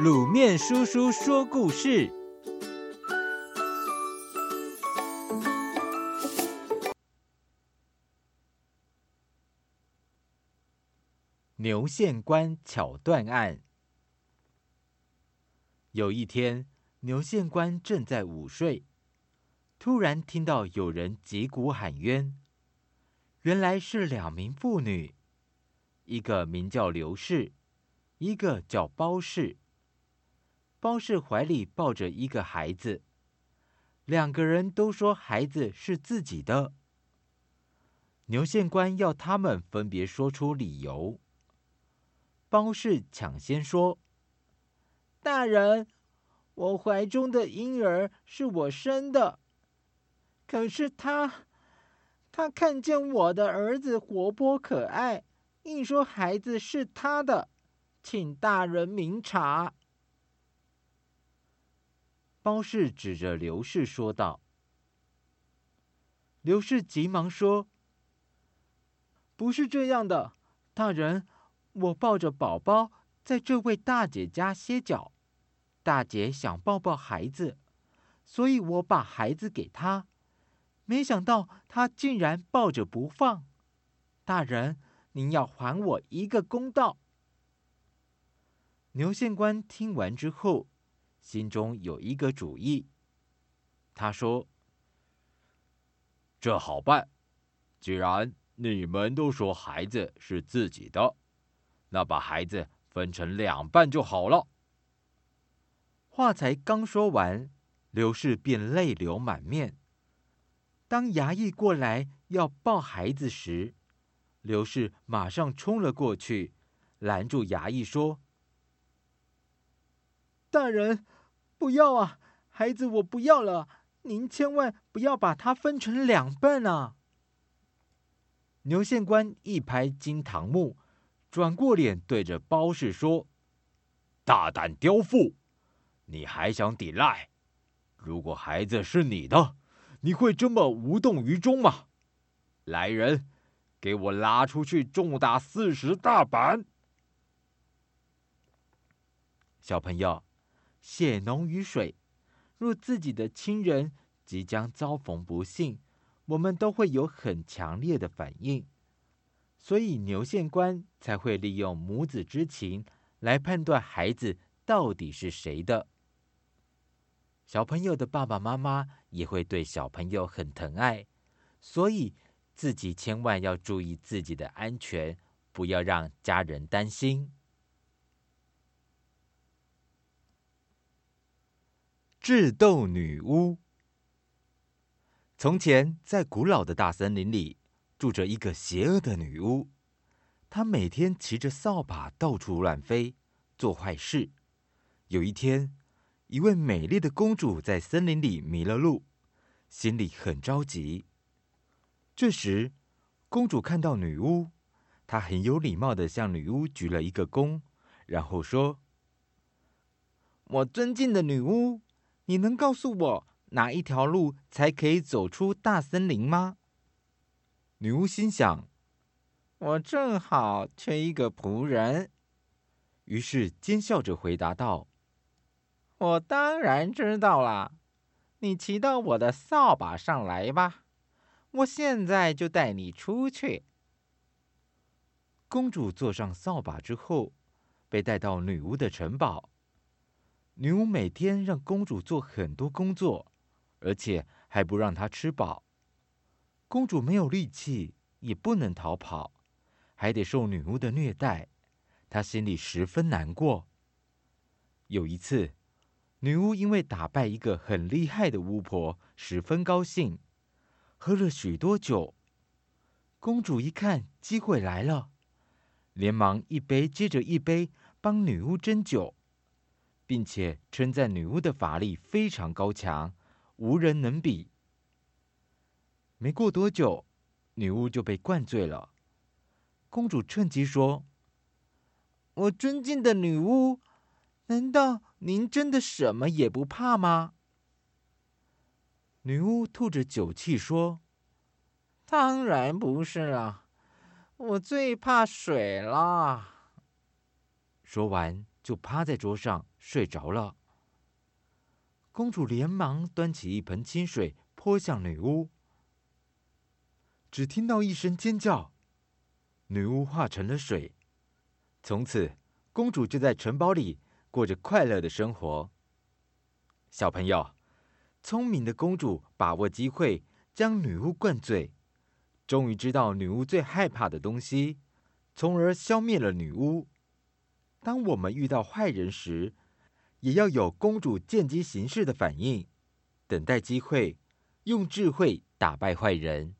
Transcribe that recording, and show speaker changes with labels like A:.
A: 滷麵叔叔說故事：牛縣官巧斷案。有一天，牛縣官正在午睡，突然聽到有人擊鼓喊冤。原來是兩名婦女，一個名叫劉氏，一個叫包氏。包氏懷裡抱着一個孩子，兩個人都說孩子是自己的。牛縣官要他們分別說出理由。包氏搶先說：“大人，我懷中的嬰兒是我生的，可是他，他看見我的兒子活潑可愛，硬說孩子是他的，請大人明察。”包氏指着劉氏說道。劉氏急忙說：“不是這樣的，大人，我抱着寶寶在這位大姐家歇腳，大姐想抱抱孩子，所以我把孩子給她，沒想到她竟然抱着不放。大人，您要還我一個公道。”牛縣官聽完之後。心中有一個主意，他說：“這好辦，既然你們都說孩子是自己的，那把孩子分成兩半就好了。”話才剛說完，劉氏便淚流滿面。當衙役過來要抱孩子時，劉氏馬上衝了過去，攔住衙役說。大人，不要啊！孩子，我不要了。您千萬不要把它分成兩半啊！牛縣官一拍驚堂木，轉過臉對着包氏說：“大膽刁婦，你還想抵賴？如果孩子是你的，你會這麼無動於衷嗎？”來人，給我拉出去重打四十大板！小朋友。血濃於水，若自己的親人即將遭逢不幸，我們都會有很強烈的反應，所以牛縣官才會利用母子之情來判斷孩子到底是誰的。小朋友的爸爸媽媽也會對小朋友很疼愛，所以自己千萬要注意自己的安全，不要讓家人擔心。智鬥女巫。從前，在古老的大森林裡，住着一個邪惡的女巫。她每天騎着掃把到處亂飛，做壞事。有一天，一位美麗的公主在森林裡迷了路，心裡很着急。這時，公主看到女巫，她很有禮貌的向女巫鞠了一個躬，然後說：“我尊敬的女巫。”你能告訴我哪一條路才可以走出大森林嗎？女巫心想：“我正好缺一個僕人。”於是奸笑着回答道：“我當然知道啦，你騎到我的掃把上來吧，我現在就帶你出去。”公主坐上掃把之後，被帶到女巫的城堡。女巫每天讓公主做很多工作，而且還不讓她吃飽。公主沒有力氣，也不能逃跑，還得受女巫的虐待。她心裡十分難過。有一次，女巫因為打敗一個很厲害的巫婆，十分高興，喝了許多酒。公主一看機會來了，連忙一杯接着一杯幫女巫斟酒。並且稱讚女巫的法力非常高強，無人能比。沒過多久，女巫就被灌醉了。公主趁機說：“我尊敬的女巫，難道您真的什麼也不怕嗎？”女巫吐着酒氣說：“當然不是了、啊，我最怕水了。”說完，就趴在桌上睡着了。公主連忙端起一盆清水潑向女巫，只聽到一聲尖叫，女巫化成了水。從此，公主就在城堡裡過着快樂的生活。小朋友，聰明的公主把握機會將女巫灌醉，終於知道女巫最害怕的東西，從而消滅了女巫。當我們遇到壞人時，也要有公主見機行事的反應，等待機會，用智慧打敗壞人。